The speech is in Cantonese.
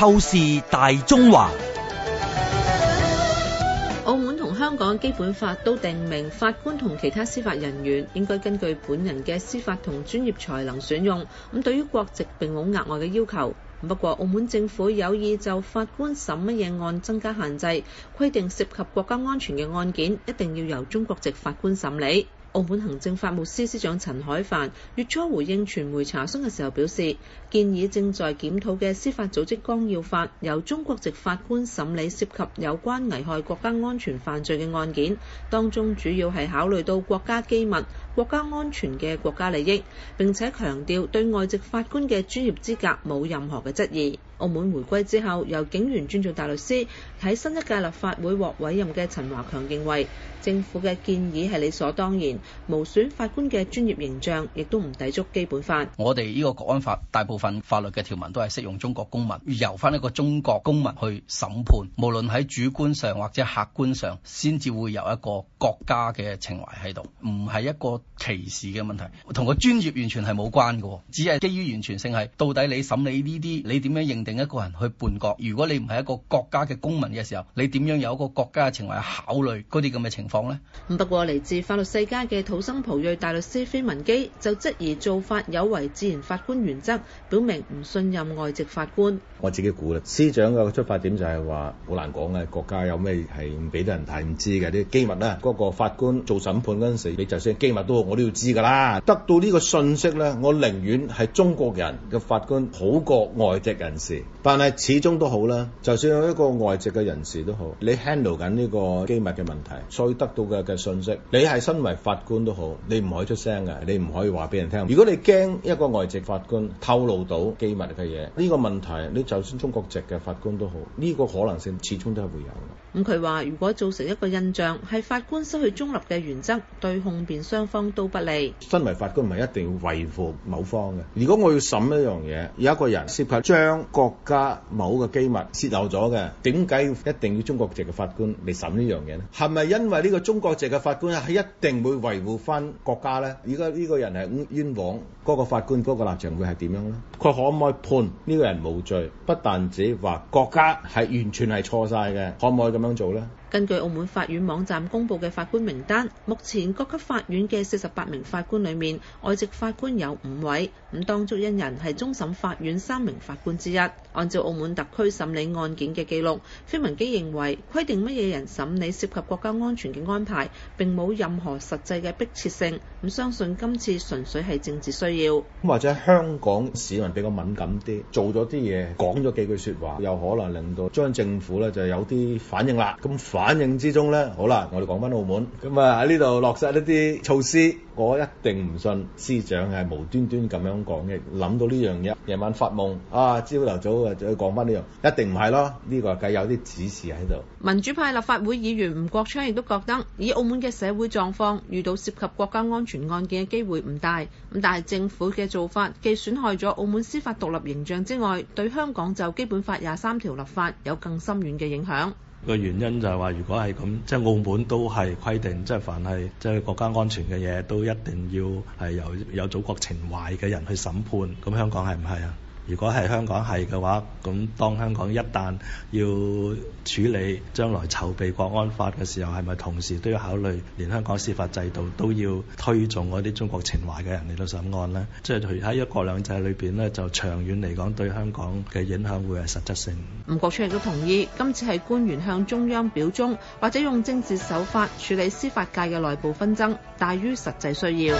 透視大中華。澳門同香港基本法都定明，法官同其他司法人員應該根據本人嘅司法同專業才能選用。咁對於國籍並冇額外嘅要求。不過澳門政府有意就法官審乜嘢案增加限制，規定涉及國家安全嘅案件一定要由中國籍法官審理。澳門行政法務司司長陳海帆月初回應傳媒查詢嘅時候表示，建議正在檢討嘅司法組織綱要法，由中國籍法官審理涉及有關危害國家安全犯罪嘅案件，當中主要係考慮到國家機密、國家安全嘅國家利益，並且強調對外籍法官嘅專業資格冇任何嘅質疑。澳門回歸之後，由警員轉做大律師，喺新一屆立法會獲委任嘅陳華強認為，政府嘅建議係理所當然，無損法官嘅專業形象，亦都唔抵觸基本法。我哋呢個國安法，大部分法律嘅條文都係適用中國公民，由翻一個中國公民去審判，無論喺主觀上或者客觀上，先至會有一個國家嘅情懷喺度，唔係一個歧視嘅問題，同個專業完全係冇關嘅，只係基於完全性係，到底你審理呢啲，你點樣認定？另一個人去叛國，如果你唔係一個國家嘅公民嘅時候，你點樣有一個國家嘅情況考慮嗰啲咁嘅情況呢？咁不過嚟自法律世家嘅土生葡裔大律師飛文基就質疑做法有違自然法官原則，表明唔信任外籍法官。我自己估啦，司長嘅出發點就係話好難講嘅國家有咩係唔俾啲人睇唔知嘅啲機密啦。嗰、嗰個法官做審判嗰陣時，你就算機密都好，我都要知㗎啦。得到個訊呢個信息咧，我寧願係中國人嘅法官好過外籍人士。但係始終都好啦，就算有一個外籍嘅人士都好，你 handle 緊呢個機密嘅問題，所以得到嘅嘅信息，你係身為法官都好，你唔可以出聲嘅，你唔可以話俾人聽。如果你驚一個外籍法官透露到機密嘅嘢，呢個問題，你就算中國籍嘅法官都好，呢個可能性始終都係會有。咁佢話，如果造成一個印象係法官失去中立嘅原則，對控辯雙方都不利。身為法官唔係一定要維護某方嘅，如果我要審一樣嘢，有一個人涉及將國。國家某個機密洩漏咗嘅，點解一定要中國籍嘅法官嚟審呢樣嘢呢？係咪因為呢個中國籍嘅法官係一定會維護翻國家呢？如果呢個人係冤枉，嗰個法官嗰個立場會係點樣呢？佢可唔可以判呢個人冇罪？不但止話國家係完全係錯晒嘅，可唔可以咁樣做呢？根據澳門法院網站公佈嘅法官名單，目前各級法院嘅四十八名法官裡面，外籍法官有五位，噉當中一人係終審法院三名法官之一。按照澳門特區審理案件嘅記錄，菲文基認為規定乜嘢人審理涉及國家安全嘅安排並冇任何實際嘅迫切性。咁相信今次純粹係政治需要，咁或者香港市民比較敏感啲，做咗啲嘢，講咗幾句說話，又可能令到中央政府咧就有啲反應啦。咁反應之中咧，好啦，我哋講翻澳門，咁啊喺呢度落實一啲措施。我一定唔信司長係無端端咁樣講嘅，諗到呢樣嘢，夜晚發夢啊，朝頭早啊，再講返呢樣，一定唔係咯，呢個梗係有啲指示喺度。民主派立法會議員吳國昌亦都覺得，以澳門嘅社會狀況，遇到涉及國家安全案件嘅機會唔大。咁但係政府嘅做法，既損害咗澳門司法獨立形象之外，對香港就《基本法》廿三條立法有更深遠嘅影響。個原因就係話，如果係咁，即係澳門都係規定，即係凡係即係國家安全嘅嘢，都一定要係由有祖國情懷嘅人去審判。咁香港係唔係啊？如果係香港係嘅話，咁當香港一旦要處理將來籌備國安法嘅時候，係咪同時都要考慮連香港司法制度都要推重嗰啲中國情懷嘅人嚟到審案咧？即係喺一國兩制裏邊咧，就長遠嚟講對香港嘅影響會係實質性。吳國昌亦都同意，今次係官員向中央表忠，或者用政治手法處理司法界嘅內部紛爭，大於實際需要。